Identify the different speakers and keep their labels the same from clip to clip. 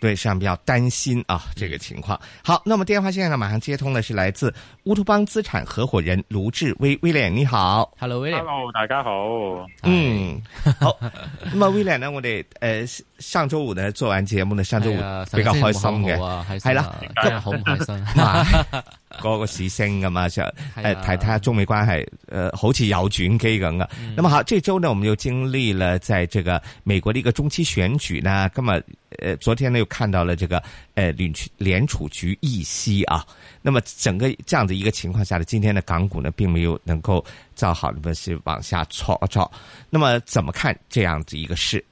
Speaker 1: 對，市場比較擔心啊，這個情況。好，那麼電話現在呢，馬上接通的是來自烏托邦資產合伙人盧志威威廉，你好，Hello，
Speaker 2: 威廉，Hello，大家好，嗯，好。
Speaker 1: 那麼威廉呢，我哋呃上周五呢做完節目呢，上周五，哎、比較開心嘅，係啦，還啊還啊，今日好唔開心。嗰個市升噶嘛，就呃睇睇下中美關係，誒好似有轉機咁嘅。嗯、那麼好，這周呢，我們又經歷了在這個美國的一個中期選舉呢，咁啊，呃昨天呢又看到了這個呃聯聯儲局議息啊，那麼整個這樣的一個情況下呢，今天的港股呢，並沒有能夠造好呢，是往下挫挫。那麼怎麼看這樣子一個事？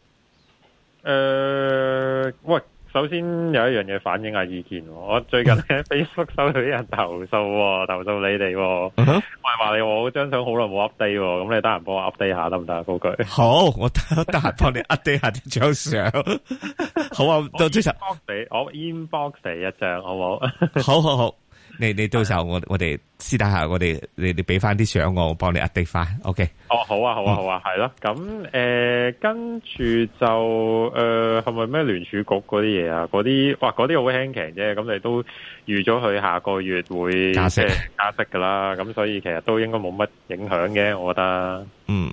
Speaker 2: 呃我。首先有一樣嘢反映下意見，我最近喺 Facebook 收到啲人投訴，投訴你哋，我係話你，我張相好耐冇 update，咁你得閒幫我 update 下得唔得？嗰句
Speaker 1: 好，我得閒幫你 update 下啲張相， 好啊，到最
Speaker 2: 近我 inbox 嚟 in 一張，好唔好？
Speaker 1: 好好好。你你到時候我對我哋私底下我哋你你俾翻啲相我，我幫你 update 翻。OK。哦，
Speaker 2: 好啊，好啊，好啊，嗯，係咯。咁誒、呃，跟住就誒，係咪咩聯儲局嗰啲嘢啊？嗰啲哇，嗰啲好輕 a 啫。咁你都預咗佢下個月會假設、呃、加息加息噶啦。咁所以其實都應該冇乜影響嘅，我覺得。嗯，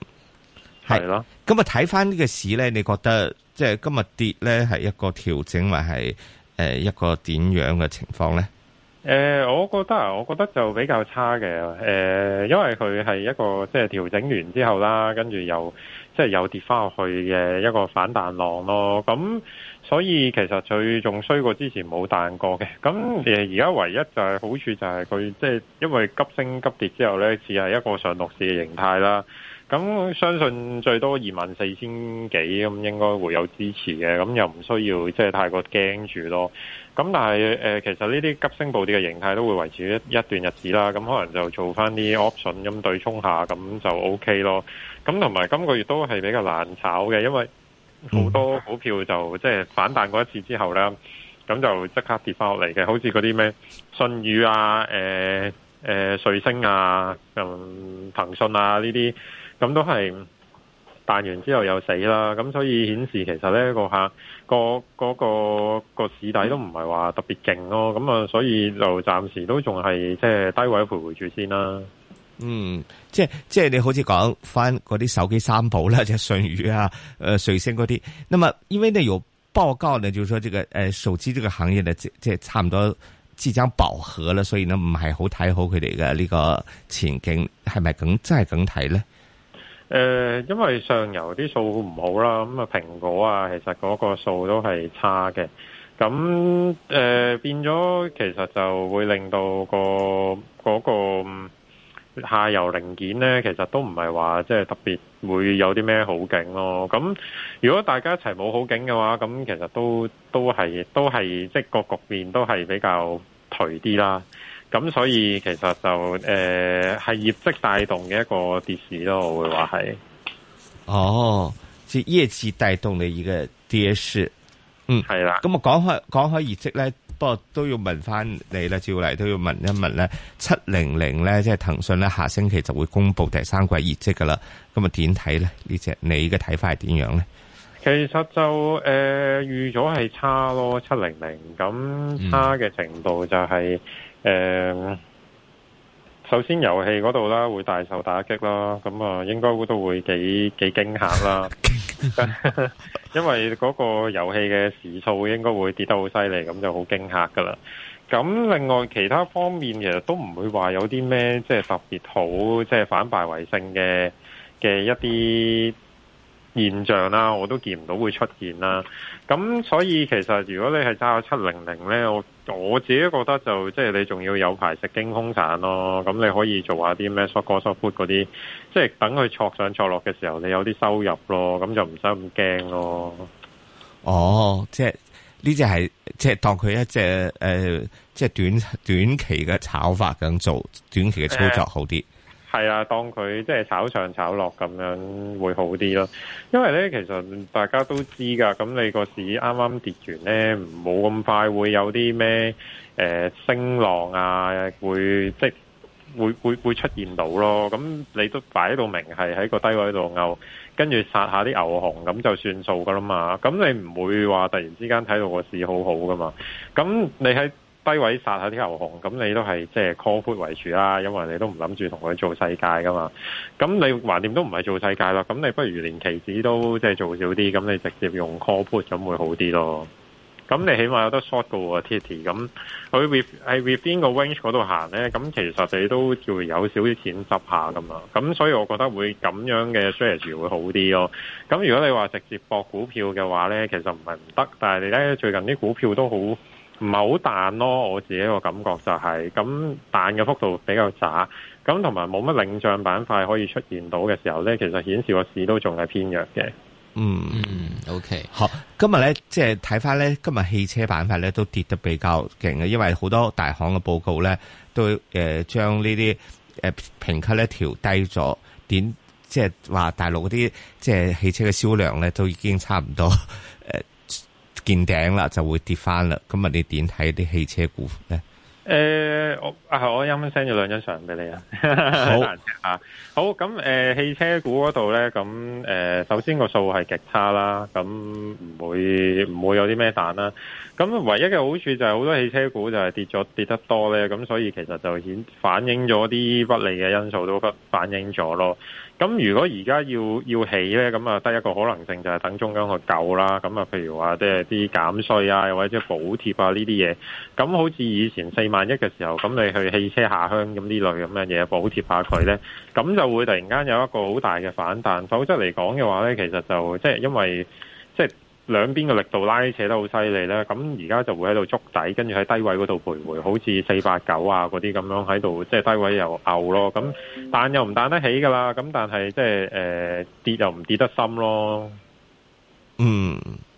Speaker 2: 係咯的。
Speaker 1: 咁咪睇翻呢個市咧，你覺得即係、就是、今日跌咧，係一個調整，還係誒一個點樣嘅情況咧？
Speaker 2: 誒、呃，我覺得啊，我覺得就比較差嘅，誒、呃，因為佢係一個即係調整完之後啦，跟住又即係又跌翻落去嘅一個反彈浪咯。咁所以其實最仲衰過之前冇彈過嘅。咁誒而家唯一就係好處就係佢即係因為急升急跌之後咧，似係一個上落市嘅形態啦。咁相信最多二萬四千幾咁，應該會有支持嘅。咁又唔需要即係、就是、太過驚住咯。咁但係、呃、其實呢啲急升暴跌嘅形態都會維持一一段日子啦。咁可能就做翻啲 option 咁對沖下，咁就 OK 咯。咁同埋今個月都係比較難炒嘅，因為多好多股票就即係、就是、反彈過一次之後咧，咁就即刻跌翻落嚟嘅。好似嗰啲咩信譽啊、誒、呃、誒、呃、瑞星啊、咁、嗯、騰訊啊呢啲。咁都係彈完之後又死啦，咁所以顯示其實咧個客個個個市底都唔係話特別勁咯，咁啊所以就暫時都仲係即係低位徘徊住先啦。嗯，
Speaker 1: 即係即係你好似講翻嗰啲手機三寶啦，即係舜宇啊，誒、呃，瑞聲嗰啲。那麼因為呢有報告呢就是說這個誒、呃、手機這個行業呢即即係差唔多即將飽和啦，所以呢唔係好睇好佢哋嘅呢個前景係咪咁真係咁睇咧？
Speaker 2: 誒、呃，因為上游啲數唔好啦，咁啊蘋果啊，其實嗰個數都係差嘅，咁誒、呃、變咗，其實就會令到、嗰個嗰、嗰個下游零件咧，其實都唔係話即係特別會有啲咩好景咯。咁如果大家一齊冇好景嘅話，咁其實都都係都係即係個局面都係比較頹啲啦。咁所以其實就誒係業績帶動嘅一個跌市咯，我會話係。
Speaker 1: 哦，是業績帶動嘅一個跌市。嗯，係啦的。咁啊，講開講開業績咧，不過都要問翻你啦，照嚟，都要問一問咧。七零零咧，即係騰訊咧，下星期就會公布第三季業績噶啦。咁啊，點睇咧？呢隻你嘅睇法係點樣咧？
Speaker 2: 其實就誒預咗係差咯，七零零咁差嘅程度就係。嗯誒、嗯，首先遊戲嗰度啦，會大受打擊啦，咁啊，應該都都會幾幾驚嚇啦， 因為嗰個遊戲嘅時數應該會跌得好犀利，咁就好驚嚇噶啦。咁另外其他方面，其實都唔會話有啲咩即係特別好，即係反敗為勝嘅嘅一啲。現象啦，我都見唔到會出現啦。咁所以其實如果你係揸七零零咧，我我自己覺得就即係你仲要有排食驚風散咯。咁你可以做下啲咩 short call short put 嗰啲，即係等佢挫上挫落嘅時候，你有啲收入咯。咁就唔使咁驚咯。
Speaker 1: 哦，即係呢只係即係當佢一隻誒，即係、呃、短短期嘅炒法咁做，短期嘅操作好啲。呃
Speaker 2: 係啊，當佢即係炒上炒落咁樣會好啲咯，因為呢，其實大家都知㗎，咁你個市啱啱跌完呢，冇咁快會有啲咩誒升浪啊，會即係會會會出現到咯，咁你都擺到明係喺個低位度勾，跟住殺下啲牛熊咁就算數㗎啦嘛，咁你唔會話突然之間睇到個市好好㗎嘛，咁你喺。低位殺下啲牛熊，咁你都係即係 call put 為主啦，因為你都唔諗住同佢做世界噶嘛。咁你橫掂都唔係做世界啦，咁你不如連期指都即係、就是、做少啲，咁你直接用 call put 咁會好啲咯。咁你起碼有得 short 嘅喎，Titi。咁佢喺邊個 range 嗰度行咧？咁其實你都會有少少錢執下噶嘛。咁所以我覺得會咁樣嘅 strategy 會好啲咯。咁如果你話直接博股票嘅話咧，其實唔係唔得，但係你咧最近啲股票都好，唔係好彈咯、啊，我自己個感覺就係、是、咁彈嘅幅度比較窄，咁同埋冇乜領漲板塊可以出現到嘅時候咧，其實顯示個市都仲係偏弱嘅。
Speaker 1: 嗯嗯，OK，好，今日咧即係睇翻咧，今日汽車板塊咧都跌得比較勁嘅，因為好多大行嘅報告咧都誒、呃、將呢啲誒評級咧調低咗，點即係話大陸嗰啲即係汽車嘅銷量咧都已經差唔多。見頂啦，就會跌翻啦。咁啊，你點睇啲汽車股咧？
Speaker 2: 誒、呃，我啊，我啱啱 send 咗兩張相俾你啊。好難聽 好咁誒、呃，汽車股嗰度咧，咁誒、呃，首先個數係極差啦，咁唔會唔會有啲咩彈啦。咁唯一嘅好處就係好多汽車股就係跌咗跌得多咧，咁所以其實就顯反映咗啲不利嘅因素都反反映咗咯。咁如果而家要要起咧，咁啊得一個可能性就係等中間去救啦。咁啊，譬如話即係啲減稅啊，又或者補貼啊呢啲嘢，咁好似以前四。萬一嘅時候，咁你去汽車下鄉咁呢類咁嘅嘢補貼下佢呢，咁就會突然間有一個好大嘅反彈。否則嚟講嘅話呢，其實就即係因為即係、就是、兩邊嘅力度拉扯得好犀利呢，咁而家就會喺度築底，跟住喺低位嗰度徘徊，好似四八九啊嗰啲咁樣喺度，即、就、係、是、低位又拗咯。咁彈又唔彈得起㗎喇。咁但係即係誒跌又唔跌得深咯。嗯。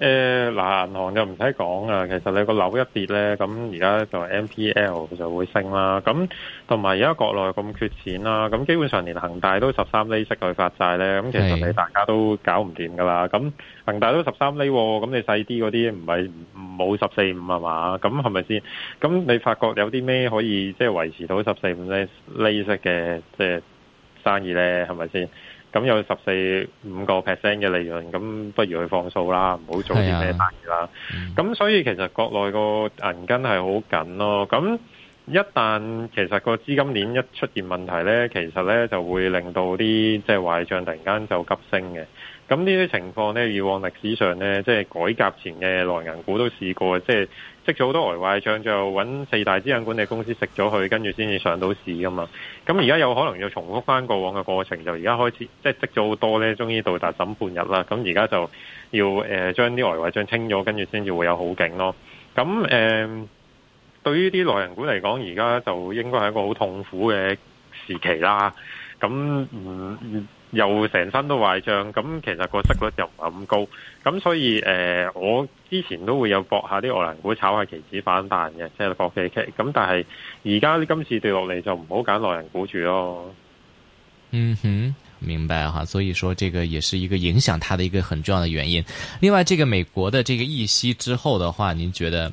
Speaker 2: 誒嗱，銀行就唔使講啊。其實你個樓一跌咧，咁而家就 MPL 就會升啦。咁同埋而家國內咁缺錢啦，咁基本上連恒大都十三厘息去發債咧。咁其實你大家都搞唔掂噶啦。咁恒大都十三厘，咁你細啲嗰啲唔係冇十四五係嘛？咁係咪先？咁你發覺有啲咩可以即係維持到十四五厘厘息嘅即係生意咧？係咪先？咁有十四五個 percent 嘅利潤，咁不如去放數啦，唔好做啲咩生意啦。咁的所以其實國內個銀根係好緊咯。咁一旦其實個資金鏈一出現問題呢，其實呢就會令到啲即係壞帳突然間就急升嘅。咁呢啲情況呢，以往歷史上呢，即係改革前嘅內銀股都試過，即係積咗好多呆壞帳，就揾四大資產管理公司食咗佢，跟住先至上到市噶嘛。咁而家有可能要重複翻過往嘅過程，就而家開始即係積咗好多呢，終於到達審判日啦。咁而家就要誒將啲呆壞帳清咗，跟住先至會有好景咯。咁誒、呃，對於啲內銀股嚟講，而家就應該係一個好痛苦嘅時期啦。咁唔。又成身都壞賬，咁其實個息率又唔係咁高，咁所以誒、呃，我之前都會有博下啲外人股，炒下期指反彈嘅，即係搏期期。咁但係而家今次跌落嚟就唔好揀外人股住咯。嗯
Speaker 3: 哼，明白哈。所以說，這個也是一個影響它的一個很重要的原因。另外，這個美國的這個議息之後的話，你覺得？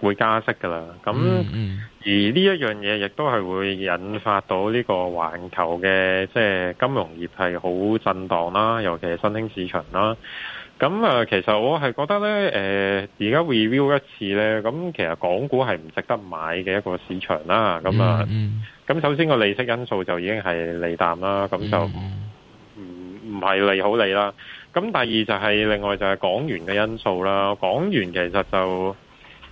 Speaker 2: 會加息噶啦，咁、mm hmm。而呢一樣嘢亦都係會引發到呢個環球嘅即係金融業係好震蕩啦，尤其係新興市場啦。咁啊，其實我係覺得呢，誒、呃、而家 review 一次呢，咁其實港股係唔值得買嘅一個市場啦。咁啊，咁、mm hmm。首先個利息因素就已經係利淡啦，咁就唔唔係利好利啦。咁第二就係、是、另外就係港元嘅因素啦，港元其實就。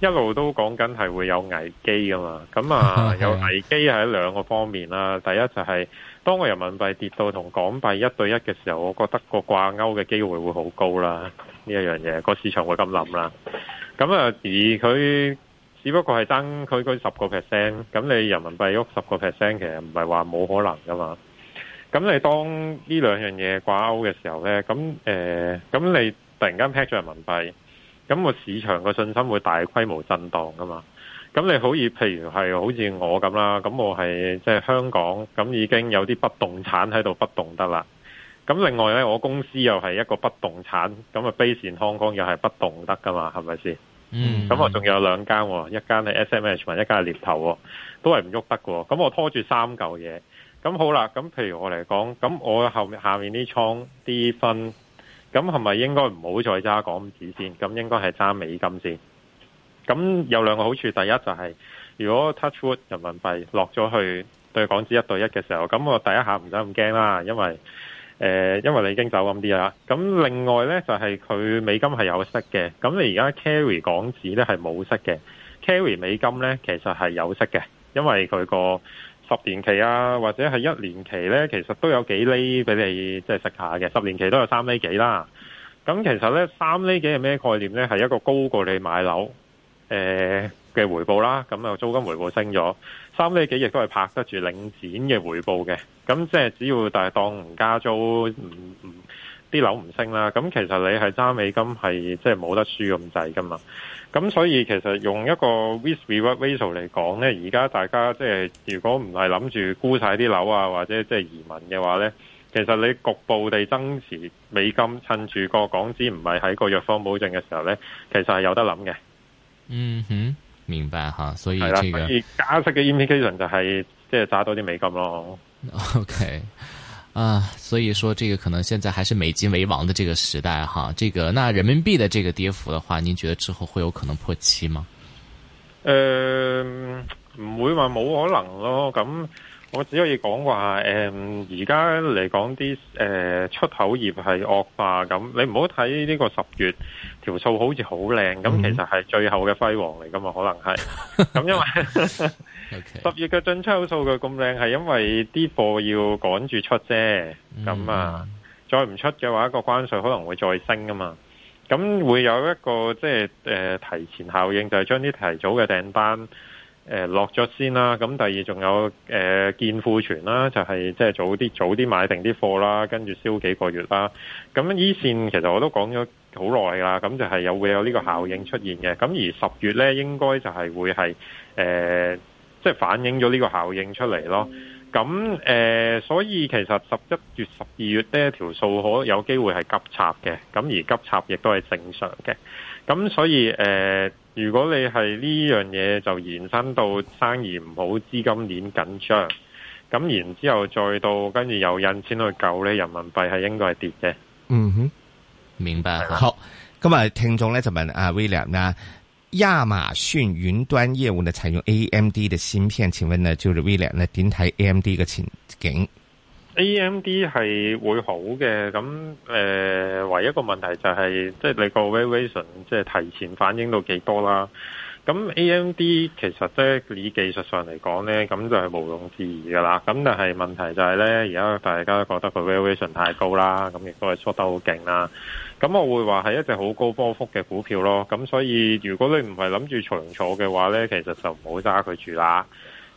Speaker 2: 一路都講緊係會有危機噶嘛，咁啊有危機喺兩個方面啦，第一就係當個人民幣跌到同港幣一對一嘅時候，我覺得個掛鈎嘅機會會好高啦，呢一樣嘢個市場會咁諗啦。咁啊而佢只不過係爭區區十個 percent，咁你人民幣喐十個 percent，其實唔係話冇可能噶嘛。咁你當呢兩樣嘢掛鈎嘅時候呢，咁誒，咁你突然間劈咗人民幣。咁個市場個信心會大規模震盪噶嘛？咁你好似譬如係好似我咁啦，咁我係即係香港咁已經有啲不動產喺度不動得啦。咁另外呢，我公司又係一個不動產，咁啊 based in Hong Kong 又係不動得噶嘛？係咪先？嗯。咁我仲有兩間，嗯、一間係 SMH，一間係獵頭，都係唔喐得喎。咁我拖住三嚿嘢。咁好啦，咁譬如我嚟講，咁我後面下面啲倉啲分。咁係咪應該唔好再揸港紙先？咁應該係揸美金先。咁有兩個好處，第一就係、是、如果 touchwood 人民幣落咗去對港紙一對一嘅時候，咁我第一下唔使咁驚啦，因為誒、呃，因為你已經走咁啲啦。咁另外呢，就係、是、佢美金係有息嘅，咁你而家 carry 港紙呢係冇息嘅，carry 美金呢其實係有息嘅，因為佢個。十年期啊，或者係一年期呢，其實都有幾厘俾你即係食下嘅。十年期都有三厘幾啦。咁其實呢，三厘幾係咩概念呢？係一個高過你買樓嘅、呃、回報啦。咁、嗯、啊，租金回報升咗，三厘幾亦都係拍得住領展嘅回報嘅。咁即係只要但，但係當唔加租，唔、嗯、唔。嗯啲樓唔升啦，咁其實你係揸美金係即係冇得輸咁滯噶嘛，咁所以其實用一個 risk reward ratio 嚟講呢，而家大家即係如果唔係諗住沽晒啲樓啊，或者即係移民嘅話呢，其實你局部地增持美金，趁住個港紙唔係喺個藥方保證嘅時候呢，其實係有得諗嘅。
Speaker 3: 嗯哼，明白哈，所以係啦，所以
Speaker 2: 加息嘅 implication 就係即係揸多啲美金咯。
Speaker 3: OK。啊，所以說這個可能現在還是美金為王的這個時代哈，這個那人民幣的這個跌幅的話，您覺得之後會有可能破七嗎？誒、
Speaker 2: 呃，唔會話冇可能咯，咁我只可以講話誒，而家嚟講啲誒出口業係惡化咁，你唔好睇呢個十月條數好似好靚，咁其實係最後嘅輝煌嚟㗎嘛，可能係咁因為。 十 Okay. 月嘅進出口數據咁靚，係因為啲貨要趕住出啫，咁啊，mm hmm. 再唔出嘅話，個關稅可能會再升噶嘛。咁會有一個即係誒、呃、提前效應，就係將啲提早嘅訂單誒落咗先啦。咁第二仲有誒、呃、建庫存啦，就係即係早啲早啲買定啲貨啦，跟住燒幾個月啦。咁呢線其實我都講咗好耐啦，咁就係有會有呢個效應出現嘅。咁而十月呢，應該就係會係誒。呃即係反映咗呢個效應出嚟咯，咁誒、呃，所以其實十一月、十二月呢一條數可有機會係急插嘅，咁而急插亦都係正常嘅，咁所以誒、呃，如果你係呢樣嘢就延伸到生意唔好、資金鏈緊張，咁然之後再到跟住有印錢去救咧，人民幣係應該係跌嘅。嗯哼，明白。的好，
Speaker 1: 今日聽眾呢就問阿 William 啊。William, 亞馬遜雲端業務呢，採用 A M D 的芯片，請問呢，就是 William，呢點睇 A M D 嘅情景
Speaker 2: ？A M D 係會好嘅，咁誒、呃，唯一一個問題就係、是，即、就、係、是、你個 valuation 即係提前反映到幾多啦。咁 A M D 其實即係以技術上嚟講呢，咁就係毋庸置疑噶啦。咁但係問題就係呢，而家大家都覺得個 valuation 太高啦，咁亦都係縮得好勁啦。咁我會話係一隻好高波幅嘅股票咯，咁所以如果你唔係諗住長坐嘅話呢，其實就唔好揸佢住啦，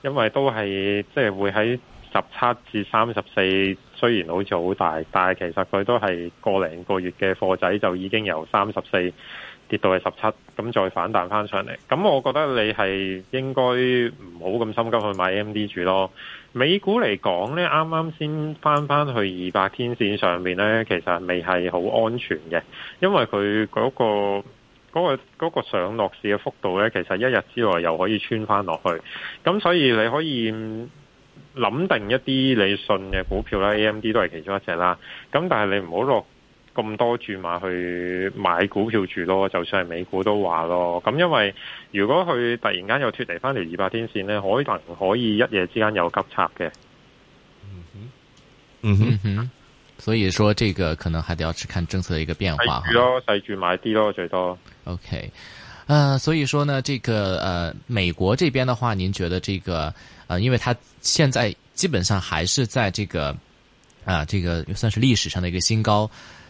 Speaker 2: 因為都係即係會喺十七至三十四，雖然好似好大，但係其實佢都係個零個月嘅貨仔就已經由三十四，跌到係十七，咁再反彈翻上嚟，咁我覺得你係應該唔好咁心急去買 AMD 住咯。美股嚟講呢，啱啱先翻翻去二百天線上面呢，其實未係好安全嘅，因為佢嗰個嗰個嗰個上落市嘅幅度呢，其實一日之內又可以穿翻落去，咁所以你可以諗定一啲你信嘅股票啦，AMD 都係其中一隻啦。咁但係你唔好落，咁多注碼，去買股票住咯，就算係美股都話咯。咁因為如果佢突然間又脫離翻條二百天線呢，可能可以一夜之間有急插嘅。嗯哼，
Speaker 3: 嗯哼哼。所以說，這個可能還得要去看政策的一個變化。細
Speaker 2: 住咯，細住買啲咯，最多。
Speaker 3: Okay，呃，所以說呢，這個，呃，美國這邊的話，您覺得這個，呃，因為它現在基本上還是在這個，啊、呃，這個算是歷史上的一個新高。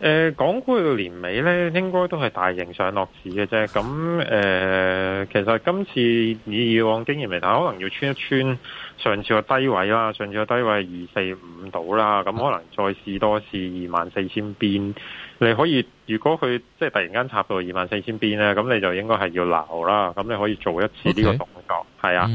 Speaker 2: 誒港股嘅年尾咧，應該都係大型上落市嘅啫。咁、嗯、誒、呃，其實今次以以往經驗嚟睇，可能要穿一穿上次嘅低位啦，上次嘅低位係二四五度啦。咁、嗯、可能再試多次二萬四千邊，你可以如果佢即係突然間插到二萬四千邊咧，咁你就應該係要留啦。咁你可以做一次呢個動作，係 Okay. 啊。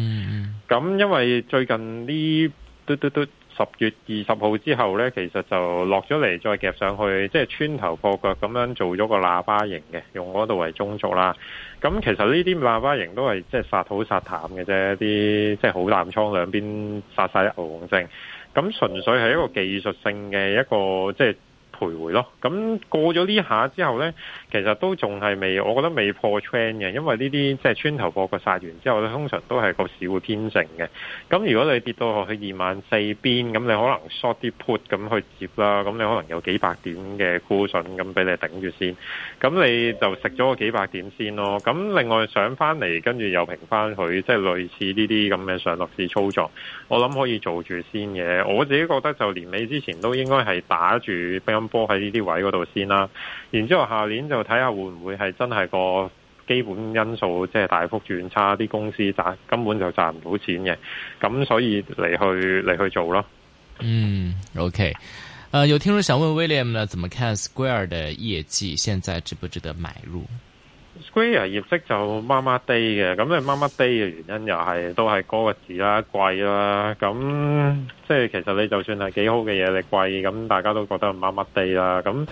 Speaker 2: 咁因為最近呢，嘟嘟嘟。嗯嗯嗯十月二十號之後呢，其實就落咗嚟，再夾上去，即係穿頭破腳咁樣做咗個喇叭形嘅，用嗰度為中軸啦。咁其實呢啲喇叭形都係即係殺好殺淡嘅啫，啲即係好淡倉兩邊殺晒啲牛熊證，咁純粹係一個技術性嘅一個即係。徘徊咯，咁過咗呢下之後呢，其實都仲係未，我覺得未破 train 嘅，因為呢啲即係穿頭破個殺完之後呢，通常都係個市會偏靜嘅。咁如果你跌到去二萬四邊，咁你可能 short 啲 put 咁去接啦，咁你可能有幾百點嘅沽筍咁俾你頂住先，咁你就食咗個幾百點先咯。咁另外上翻嚟跟住又平翻佢，即係類似呢啲咁嘅上落市操作，我諗可以做住先嘅。我自己覺得就年尾之前都應該係打住。波喺呢啲位嗰度先啦，然之後下年就睇下會唔會係真係個基本因素，即係大幅轉差，啲公司賺根本就賺唔到錢嘅，咁所以嚟去嚟去做咯。
Speaker 3: 嗯，OK，誒、呃，有聽眾想問 William 咧，怎麼看 Square 嘅業績，現在值不值得買入？
Speaker 2: Square 業績就麻麻地嘅，咁咧麻麻地嘅原因又係都係嗰個字啦，貴啦，咁即係其實你就算係幾好嘅嘢，你貴咁大家都覺得麻麻地啦，咁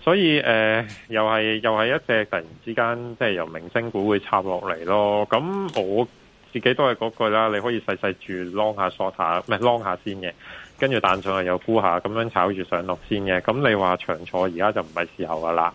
Speaker 2: 所以、呃、又係又係一隻突然之間即係由明星股會插落嚟咯，咁我自己都係嗰句啦，你可以細細住 long 下 short 下，唔係 long 下先嘅，跟住彈上嚟又沽下，咁樣炒住上落先嘅，咁你話長坐而家就唔係時候噶啦。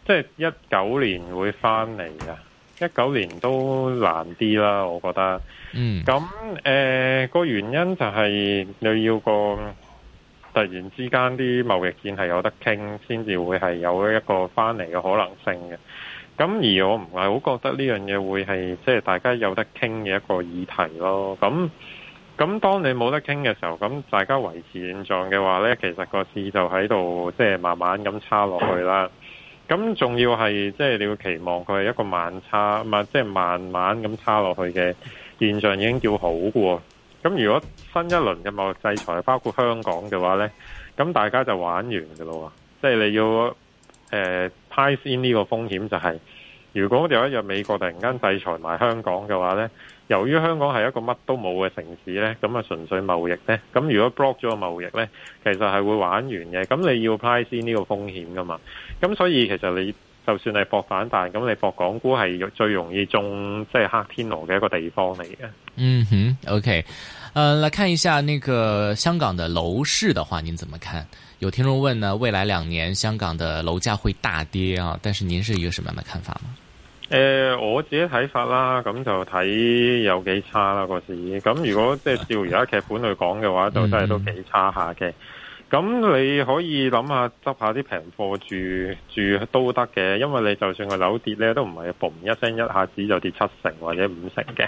Speaker 2: 即係一九年會翻嚟啊！一九年都難啲啦，我覺得。嗯，咁誒個原因就係你要個突然之間啲貿易戰係有得傾，先至會係有一個翻嚟嘅可能性嘅。咁而我唔係好覺得呢樣嘢會係即係大家有得傾嘅一個議題咯。咁咁當你冇得傾嘅時候，咁大家維持現狀嘅話呢，其實個市就喺度即係慢慢咁差落去啦。嗯咁仲要係即係你要期望佢係一個慢差，即係慢慢咁差落去嘅現象已經叫好㗎喎。咁如果新一輪嘅貿易制裁包括香港嘅話呢，咁大家就玩完喇咯。即係你要誒 price in 呢個風險就係、是。如果我哋有一日美國突然間制裁埋香港嘅話呢，由於香港係一個乜都冇嘅城市呢，咁啊純粹貿易呢，咁如果 block 咗個貿易呢，其實係會玩完嘅。咁你要 price 呢個風險噶嘛。咁所以其實你就算係博反彈，咁你博港股係最容易中即係、就是、黑天鵝嘅一個地方嚟嘅。嗯
Speaker 3: 哼，OK，呃、uh,，來看一下那個香港的樓市的話，您怎麼看？有聽眾問呢，未來兩年香港的樓價會大跌啊，但是您是一個什麼樣的看法嗎？
Speaker 2: 誒、呃，我自己睇法啦，咁就睇有幾差啦個市。咁如果即係照而家劇本去講嘅話，就真係都幾差下嘅。嗯咁你可以諗下執下啲平貨住住都得嘅，因為你就算佢樓跌咧，都唔係嘣一聲一下子就跌七成或者五成嘅。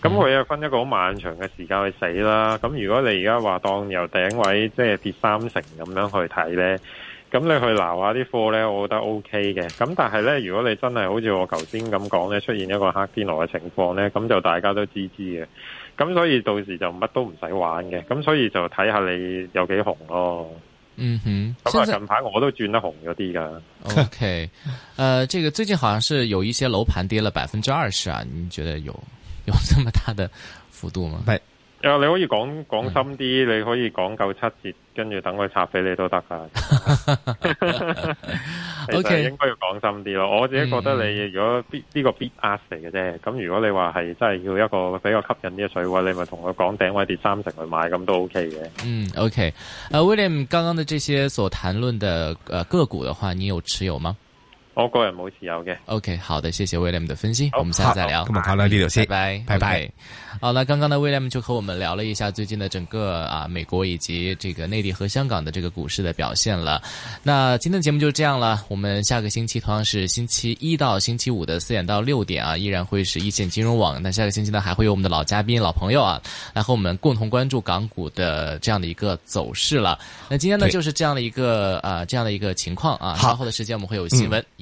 Speaker 2: 咁佢又分一個好漫長嘅時間去死啦。咁如果你而家話當由頂位即係、就是、跌三成咁樣去睇呢，咁你去撈下啲貨呢，我覺得 O K 嘅。咁但係呢，如果你真係好似我頭先咁講呢，出現一個黑天鵝嘅情況呢，咁就大家都知知嘅。咁所以到時就乜都唔使玩嘅，咁所以就睇下你有幾紅咯。
Speaker 1: 嗯哼，咁啊近
Speaker 2: 排我都轉得紅咗啲㗎。OK，
Speaker 3: 誒、呃，這個最近好像是有一些樓盤跌了百分之二十啊，你覺得有有這麼大的幅度嗎？
Speaker 2: 誒，你可以講講深啲，你可以講夠七折，跟住等佢插俾你都得噶。OK，其實應該要講深啲咯，我自己覺得你如果呢呢個必 ask 嚟嘅啫，咁、嗯、如果你話係真係要一個比較吸引啲嘅水位，你咪同佢講頂位跌三成去買，咁都 OK 嘅。嗯
Speaker 3: ，OK，uh，誒，William，剛剛的這些所談論的誒個股的話，你有持有嗎？
Speaker 2: 我、哦、個人冇
Speaker 3: 持有嘅。OK，好的，謝謝 William 的分析，好我們下次再聊。咁我跑翻呢度先，拜拜，拜拜。好，那剛剛呢 William 就和我們聊了一下最近的整個啊美國以及這個內地和香港的這個股市的表現了。那今天的節目就這樣了，我們下個星期同樣是星期一到星期五的四點到六點啊，依然會是一線金融網。那下個星期呢，還會有我們的老嘉賓、老朋友啊，來和我們共同關注港股的這樣的一個走勢了。那今天呢，就是這樣的一個對啊，這樣的一個情況啊。好稍後的時間，我們會有新聞。嗯